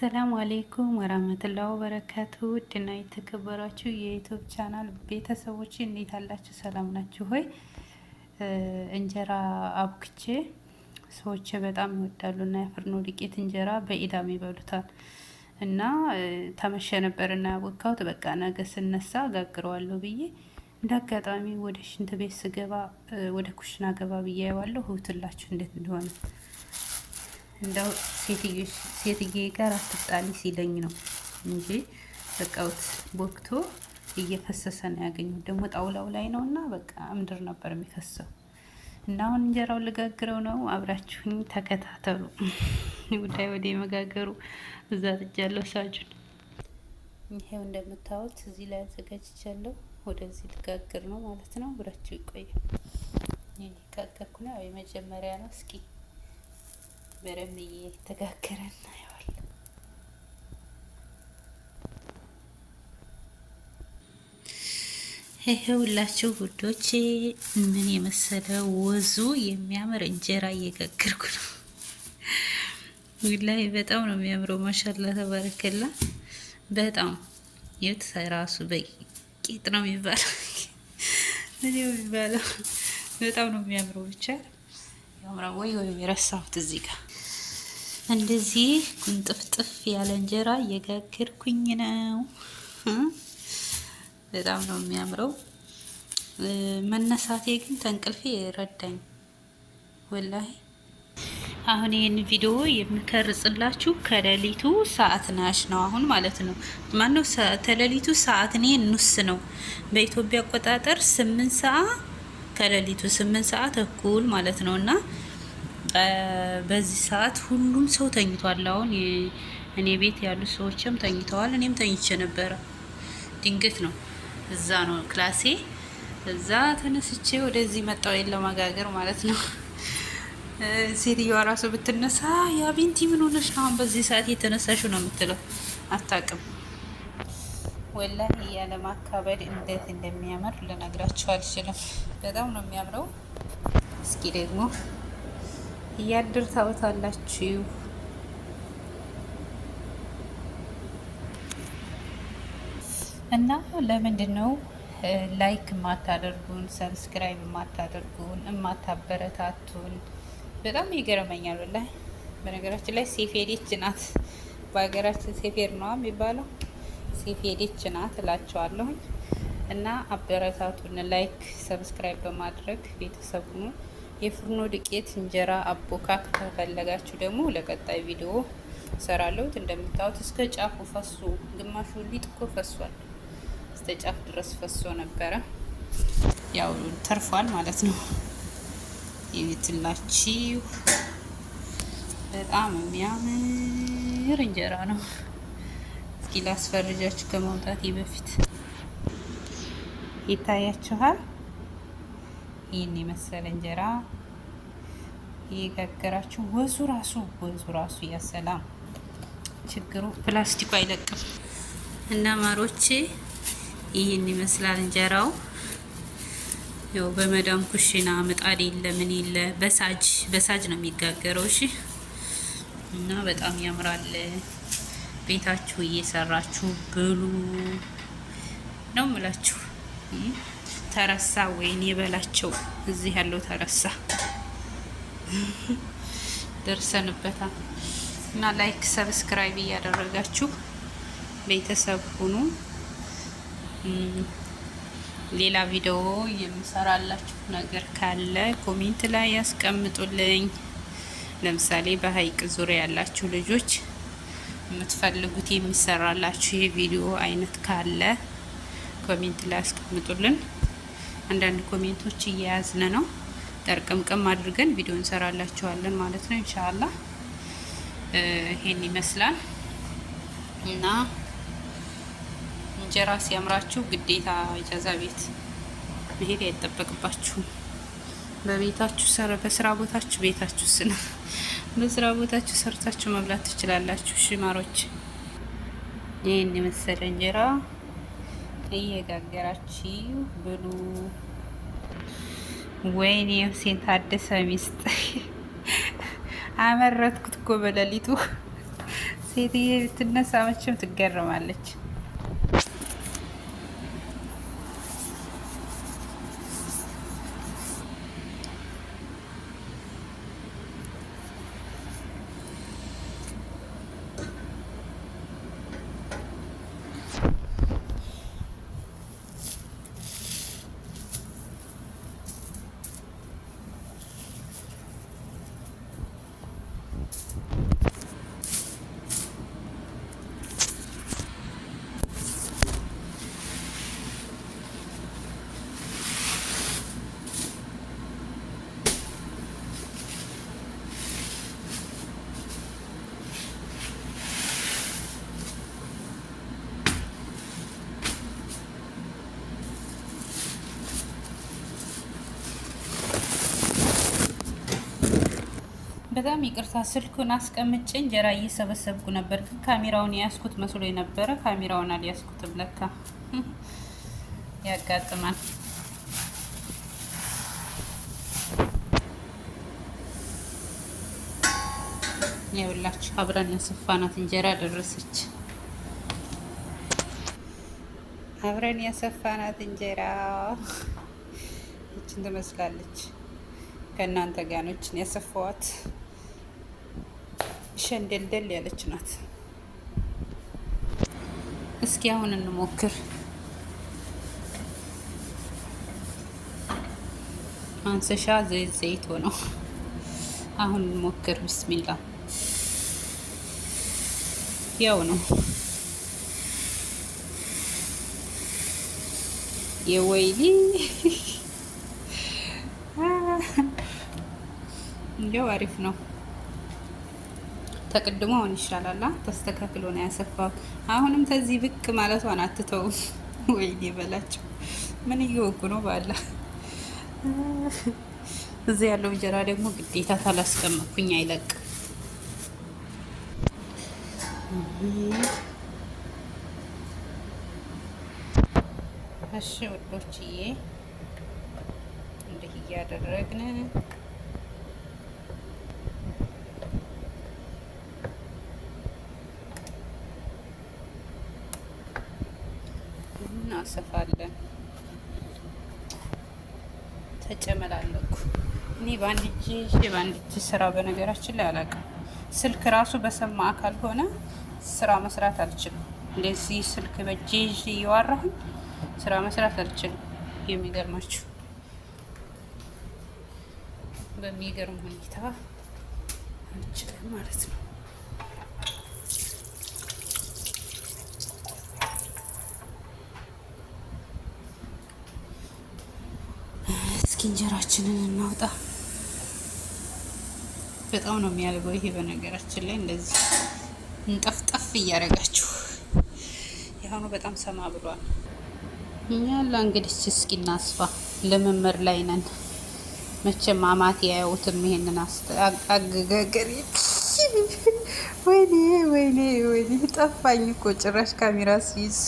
ሰላም አሌይኩም ወራህመቱላሂ ወበረካቱ ውድና የተከበራችሁ የዩቲዩብ ቻናል ቤተሰቦች እንዴት አላችሁ? ሰላም ናችሁ ሆይ? እንጀራ አብክቼ ሰዎች በጣም ይወዳሉና የፍርኖ ዱቄት እንጀራ በኢዳም ይበሉታል እና ተመሸ ነበርና ያቦካሁት በቃ ነገ ስነሳ ጋግረዋለሁ ብዬ እንደ አጋጣሚ ወደ ሽንት ቤት ስገባ ወደ ኩሽና ገባ ብዬ ያዋለሁ። ህውትላችሁ እንዴት እንደሆነ እንደው ሴትዬ ጋር አትጣሊ ሲለኝ ነው እንጂ በቃውት ቦክቶ እየፈሰሰ ነው ያገኘው። ደግሞ ጣውላው ላይ ነው እና በቃ ምድር ነበር የሚፈሰው። እና አሁን እንጀራው ልጋግረው ነው። አብራችሁኝ ተከታተሉ። ጉዳይ ወደ መጋገሩ እዛ ጥጃለሁ። ሳጁን ይሄው እንደምታዩት እዚህ ላይ አዘጋጅቻለሁ። ወደዚህ ልጋግር ነው ማለት ነው። ብራችሁ ይቆያል። ይህ ሊጋገርኩ ነው የመጀመሪያ ነው። እስኪ በረም እየተጋገረ እናየዋለን። ይሄውላችሁ ውዶቼ ምን የመሰለ ወዙ የሚያምር እንጀራ እየጋገርኩ ነው። ላይ በጣም ነው የሚያምረው። ማሻላ ተባረከላ። በጣም የት ራሱ በቂጥ ነው የሚባለው የሚባለው በጣም ነው የሚያምረው። ብቻ ያምራ ወይ ወይ የረሳሁት እዚህ ጋር እንደዚህ ቁንጥፍጥፍ ያለ እንጀራ እየጋገርኩኝ ነው። በጣም ነው የሚያምረው። መነሳቴ ግን ተንቅልፌ ረዳኝ ወላሂ። አሁን ይህን ቪዲዮ የምከርጽላችሁ ከሌሊቱ ሰዓት ናሽ ነው አሁን ማለት ነው። ማነው ከሌሊቱ ሰዓት እኔ ኑስ ነው በኢትዮጵያ አቆጣጠር ስምንት ሰዓት ከሌሊቱ ስምንት ሰዓት እኩል ማለት ነው እና በዚህ ሰዓት ሁሉም ሰው ተኝቷል። አሁን እኔ ቤት ያሉ ሰዎችም ተኝተዋል። እኔም ተኝቼ ነበረ። ድንገት ነው እዛ ነው ክላሴ እዛ ተነስቼ ወደዚህ መጣው ለማጋገር ማለት ነው። ሴትዮዋ ራሱ ብትነሳ ያ ቢንቲ ምን ሆነሽ ነው አሁን በዚህ ሰዓት የተነሳሽው ነው የምትለው። አታውቅም ወላሂ ያለ ማካበድ እንዴት እንደሚያምር ልነግራችሁ አልችልም። በጣም ነው የሚያምረው። እስኪ ደግሞ እያድር ታውታላችሁ። እና ለምንድን ነው ላይክ የማታደርጉን ሰብስክራይብ የማታደርጉን የማታበረታቱን? በጣም ይገርመኛል ወላሂ። በነገራችን ላይ ሴፌዴች ናት፣ በሀገራችን ሴፌር ነዋ የሚባለው ሴፌዴች ናት እላቸዋለሁኝ። እና አበረታቱን ላይክ ሰብስክራይብ በማድረግ ቤተሰቡን የፍርኖ ዱቄት እንጀራ አቦካ ከፈለጋችሁ ደግሞ ለቀጣይ ቪዲዮ ሰራለሁት። እንደምታዩት እስከ ጫፉ ፈሶ፣ ግማሹ ሊጥ እኮ ፈሷል። እስከ ጫፍ ድረስ ፈሶ ነበረ፣ ያው ተርፏል ማለት ነው። ይቤትላችሁ በጣም የሚያምር እንጀራ ነው። እስኪ ላስፈርጃችሁ ከማውጣቴ በፊት ይታያችኋል። ይህን የመሰለ እንጀራ እየጋገራችሁ ወዙ ራሱ ወዙ ራሱ እያሰላም ችግሩ ፕላስቲኩ አይለቅም እና ማሮቼ ይህን ይመስላል እንጀራው። ያው በመዳም ኩሽና ምጣድ የለ ምን የለ በሳጅ በሳጅ ነው የሚጋገረው። እሺ እና በጣም ያምራል። ቤታችሁ እየሰራችሁ ብሉ ነው የምላችሁ። ተረሳ። ወይን የበላቸው እዚህ ያለው ተረሳ። ደርሰንበታል እና ላይክ ሰብስክራይብ እያደረጋችሁ ቤተሰብ ሁኑ። ሌላ ቪዲዮ የምሰራላችሁ ነገር ካለ ኮሜንት ላይ ያስቀምጡልኝ። ለምሳሌ በሀይቅ ዙሪያ ያላችሁ ልጆች የምትፈልጉት የሚሰራላችሁ የቪዲዮ አይነት ካለ ኮሜንት ላይ አስቀምጡልን። አንዳንድ ኮሜንቶች እየያዝን ነው። ጠርቅምቅም አድርገን ቪዲዮ እንሰራላችኋለን ማለት ነው እንሻላ ይሄን ይመስላል እና እንጀራ ሲያምራችሁ ግዴታ ኢጃዛ ቤት መሄድ አይጠበቅባችሁም። በቤታችሁ ሰረ በስራ ቦታችሁ ቤታችሁ ስነ በስራ ቦታችሁ ሰርታችሁ መብላት ትችላላችሁ። ሽማሮች ይህን የመሰለ እንጀራ እየጋገራችሁ ብሉ። ወይኔ ሁሴን ታደሰ ሚስጥ አመረትኩት እኮ በሌሊቱ ሴትዬ ብትነሳ መቼም ትገረማለች። በጣም ይቅርታ ስልኩን አስቀምጬ እንጀራ እየሰበሰብኩ ነበር፣ ግን ካሜራውን ያስኩት መስሎ የነበረ ካሜራውን አልያዝኩትም። ለካ ያጋጥማል። ይኸውላችሁ አብረን ያሰፋናት እንጀራ ደረሰች። አብረን ያሰፋናት እንጀራ ይችን ትመስላለች። ከእናንተ ጋኖችን ያሰፋዋት ሸንደልደል ያለች ናት። እስኪ አሁን እንሞክር። አንሰሻ ዘይት ዘይት ሆኖ አሁን እንሞክር። ብስሚላ ያው ነው የወይኒ እንዲያው አሪፍ ነው። ተቅድሞ አሁን ይሻላላ ተስተካክሎ ነው ያሰፋው። አሁንም ተዚህ ብቅ ማለቷን አትተው ወይ በላቸው። ምን እየወጉ ነው ባላ። እዚህ ያለው እንጀራ ደግሞ ግዴታ ታላስቀመጥኩኝ አይለቅ እሺ ውዶችዬ እንዲህ እያደረግን እናሰፋለን። ተጨመላለኩ እኔ በአንድ እጅ በአንድ እጅ ስራ በነገራችን ላይ አላውቅም። ስልክ ራሱ በሰማ አካል ሆነ ስራ መስራት አልችልም። እንደዚህ ስልክ በእጄ እየዋራሁኝ ስራ መስራት አልችልም። የሚገርማችሁ በሚገርም ሁኔታ አልችልም ማለት ነው። እንጀራችንን እናውጣ። በጣም ነው የሚያደርገው ይሄ። በነገራችን ላይ እንደዚህ እንጠፍጠፍ እያደረጋችሁ የአሁኑ በጣም ሰማ ብሏል። እኛ ያላ እንግዲህ እስኪ እናስፋ፣ ልምምር ላይ ነን። መቼም አማት ያየውትም ይሄንን አገጋገሬ ወይኔ ወይኔ ወይኔ ጠፋኝ እኮ ጭራሽ ካሜራ ሲይዝ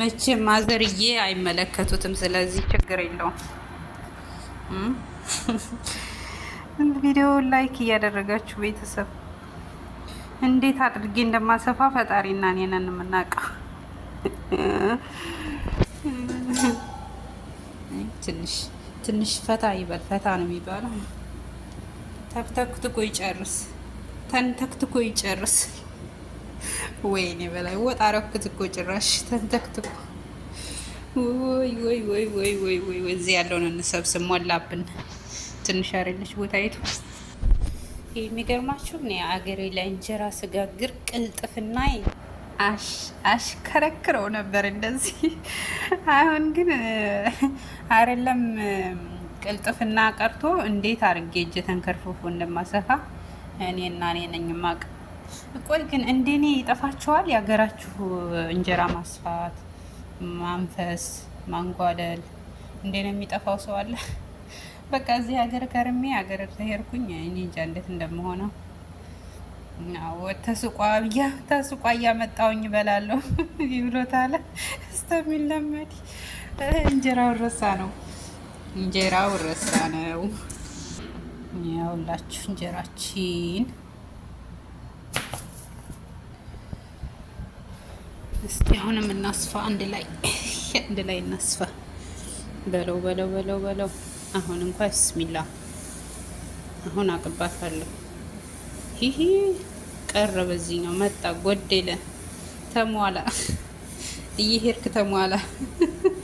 መቼም ማዘርዬ አይመለከቱትም። ስለዚህ ችግር የለውም። ቪዲዮ ላይክ እያደረጋችሁ ቤተሰብ እንዴት አድርጌ እንደማሰፋ ፈጣሪና እኔ ነን የምናውቀው። ትንሽ ትንሽ ፈታ ይበል። ፈታ ነው የሚባለው። ተብተክትኮ ይጨርስ፣ ተንተክትኮ ይጨርስ። ወይኔ በላይ ወጣ ረኩት እኮ ጭራሽ ተንተክትኮ። ወይ ወይ ወይ ወይ ወይ ወይ ወይ እዚህ ያለውን እንሰብስብ ሞላብን። ትንሽ አረለች ቦታ ይቱ የሚገርማችሁ እኔ አገሬ ላይ እንጀራ ስጋግር ቅልጥፍና አሽከረክረው ነበር እንደዚህ። አሁን ግን አይደለም ቅልጥፍና ቀርቶ እንዴት አድርጌ እጄ ተንከርፍፎ እንደማሰፋ እኔና እኔ ነኝ ማቅ ቆይ ግን እንደኔ ይጠፋችኋል? የሀገራችሁ እንጀራ ማስፋት፣ ማንፈስ፣ ማንጓደል እንደኔ የሚጠፋው ሰው አለ? በቃ እዚህ ሀገር ከርሜ ሀገር ተሄድኩኝ እኔ እንጃ እንዴት እንደምሆነው ተስቋያ ብያ ተስቋ እያመጣውኝ እበላለሁ ይብሎታለ እስከሚለመድ እንጀራው ረሳ ነው፣ እንጀራው ረሳ ነው። ያውላችሁ እንጀራችን እስቲ አሁንም እናስፋ፣ አንድ ላይ አንድ ላይ እናስፋ። በለው በለው በለው በለው። አሁን እንኳ ብስሚላ። አሁን አቅባታለሁ። ይሄ ቀረ፣ በዚህኛው መጣ፣ ጎደለ፣ ተሟላ። እየሄድክ ተሟላ።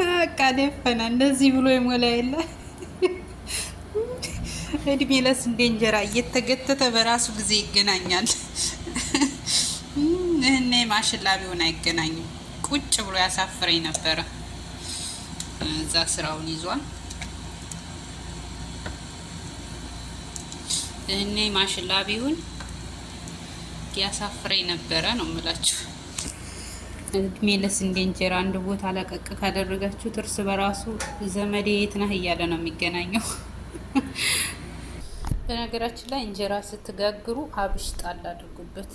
በቃ ደፈና እንደዚህ ብሎ የሞላ የለ እድሜ ለስ እንደ እንጀራ እየተገተተ በራሱ ጊዜ ይገናኛል። እህኔ ማሽላቢውን አይገናኝም። ቁጭ ብሎ ያሳፍረኝ ነበረ። እዛ ስራውን ይዟል። እህኔ ማሽላቢውን ያሳፍረኝ ነበረ ነው የምላችሁ። እድሜ ለስ እንደ እንጀራ አንድ ቦታ ለቀቅ ካደረጋችሁት እርስ በራሱ ዘመዴ የት ነህ እያለ ነው የሚገናኘው። በነገራችን ላይ እንጀራ ስትጋግሩ አብሽ ጣል አድርጉበት።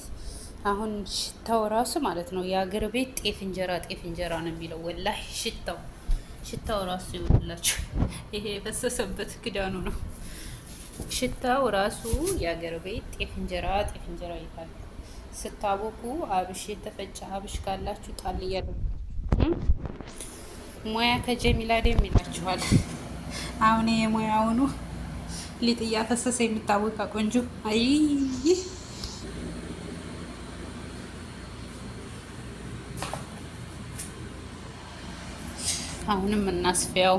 አሁን ሽታው ራሱ ማለት ነው የአገር ቤት ጤፍ እንጀራ ጤፍ እንጀራ ነው የሚለው። ወላሂ ሽታው ሽታው ራሱ ይውላችሁ። ይሄ የፈሰሰበት ክዳኑ ነው። ሽታው ራሱ የአገር ቤት ጤፍ እንጀራ ጤፍ እንጀራ ይባላል። ስታቦኩ አብሽ የተፈጨ አብሽ ካላችሁ ጣል እያደረጉ ሙያ ከጀሚላ ደም ይላችኋል። አሁን የሙያውኑ ሊጥ እያፈሰሰ የምታወቃ ቆንጆ አይ አሁንም እናስፊያው።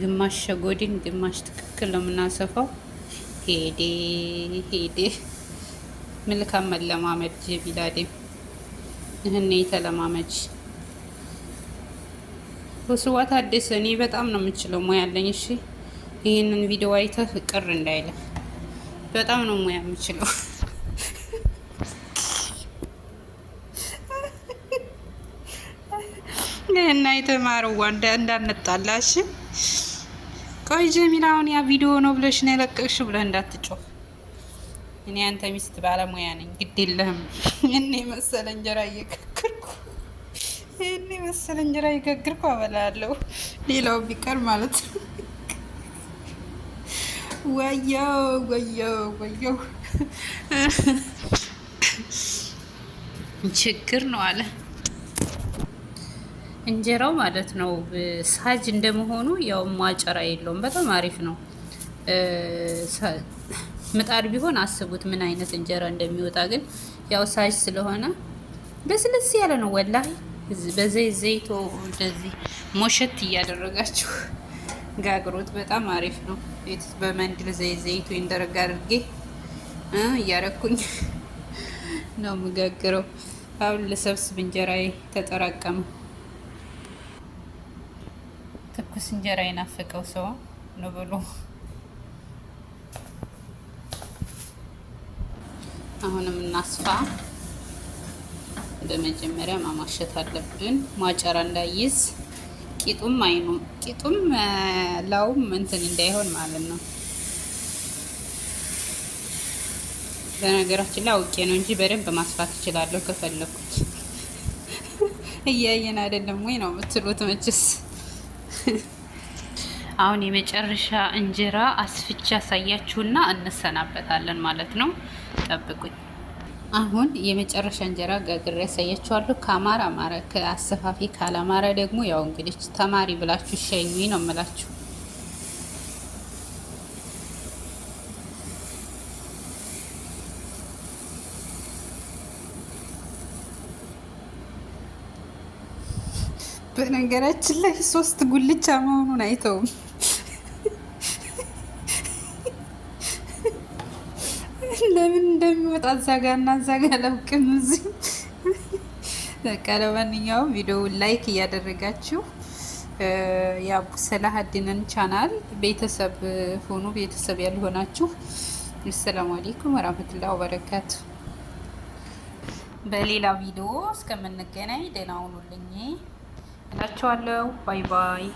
ግማሽ ሸጎድን ግማሽ ትክክል ነው የምናሰፋው። ሄዴ ሄዴ መልካም መለማመድ ጀቢላዴም እህኔ ተለማመጅ። ወስዋት አዲስ እኔ በጣም ነው የምችለው ሙያለኝ። እሺ ይህንን ቪዲዮ አይተህ ቅር እንዳይለ በጣም ነው ሙያ የምችለው። እና የተማረው እንዳነጣላሽ ቆይ ጀሚል፣ አሁን ያ ቪዲዮ ነው ብለሽ ነው የለቀቅሽው ብለህ እንዳትጮህ። እኔ አንተ ሚስት ባለሙያ ነኝ፣ ግድ የለህም። እኔ መሰለ እንጀራ እየጋግርኩ እኔ መሰለ እንጀራ እየጋግርኩ አበላለሁ፣ ሌላው ቢቀር ማለት ነው። ወየው ወየው ወየው ችግር ነው አለ እንጀራው ማለት ነው። ሳጅ እንደመሆኑ ያው ማጨራ የለውም። በጣም አሪፍ ነው። ምጣድ ቢሆን አስቡት ምን አይነት እንጀራ እንደሚወጣ። ግን ያው ሳጅ ስለሆነ ለስለስ ያለ ነው። ወላሂ በዘይ ዘይቶ እንደዚህ ሞሸት እያደረጋችሁ ጋግሮት በጣም አሪፍ ነው። በመንድል ዘይት ዘይቱ እንደረጋ አድርጌ እያረኩኝ ነው የምጋግረው። አሁን ልሰብስብ እንጀራዬ ተጠራቀመ። ትኩስ እንጀራ የናፈቀው ሰው ነው ብሎ አሁንም እናስፋ። በመጀመሪያ ማማሸት አለብን ማጨራ እንዳይዝ ቂጡም አይኑም ቂጡም ላውም እንትን እንዳይሆን ማለት ነው። በነገራችን ላይ አውቄ ነው እንጂ በደንብ ማስፋት እችላለሁ ከፈለኩት። እያየን አይደለም ወይ ነው የምትሉት መችስ። አሁን የመጨረሻ እንጀራ አስፍቻ አሳያችሁና እንሰናበታለን ማለት ነው። ጠብቁኝ። አሁን የመጨረሻ እንጀራ ጋግሬ ያሳያችኋለሁ። ከአማረ አማረ፣ ከአሰፋፊ ካላማረ ደግሞ ያው እንግዲህ ተማሪ ብላችሁ ሸኙ ነው የምላችሁ። በነገራችን ላይ ሶስት ጉልቻ መሆኑን አይተውም። እንደሚወጣ እዛ ጋ እና እዛ ጋ ለውቅም እዚህ በቃ ለማንኛውም ቪዲዮውን ላይክ እያደረጋችሁ የአቡ ሰላሀዲንን ቻናል ቤተሰብ ሆኑ። ቤተሰብ ያልሆናችሁ አሰላሙ አሌይኩም ወራህመቱላ ወበረካቱ። በሌላ ቪዲዮ እስከምንገናኝ ደህና ሁኑልኝ እላችኋለሁ። ባይ ባይ።